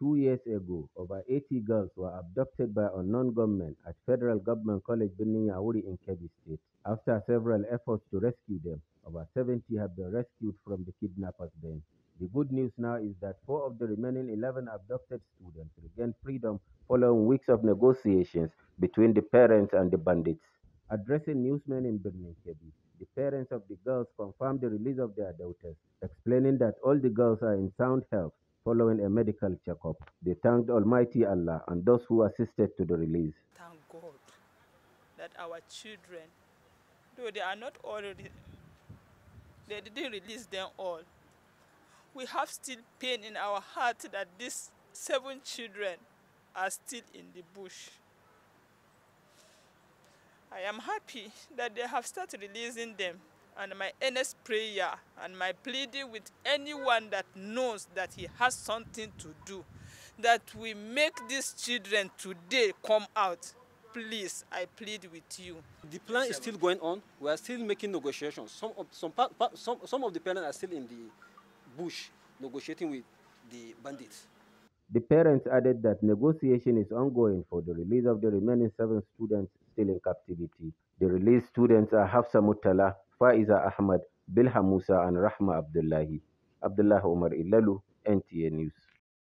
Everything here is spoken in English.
Two years ago, over 80 girls were abducted by unknown gunmen at Federal Government College Birnin Yauri in Kebbi State. After several efforts to rescue them, over 70 have been rescued from the kidnappers then. The good news now is that four of the remaining 11 abducted students regained freedom following weeks of negotiations between the parents and the bandits. Addressing newsmen in Birnin Kebbi, the parents of the girls confirmed the release of their daughters, explaining that all the girls are in sound health Following a medical checkup, they thanked Almighty Allah and those who assisted to the release. Thank God that our children, though they are not already, they didn't release them all. We have still pain in our heart that these seven children are still in the bush. I am happy that they have started releasing them and my earnest prayer and my pleading with anyone that knows that he has something to do, that we make these children today come out. Please, I plead with you. The plan is still going on. We are still making negotiations. Some of, some, some, some of the parents are still in the bush negotiating with the bandits. The parents added that negotiation is ongoing for the release of the remaining seven students still in captivity. The released students are Hafsa Mutala, Fa'iza Ahmad, Bilha Musa and Rahma Abdullahi. Abdullahi Umar Illalu, NTA News.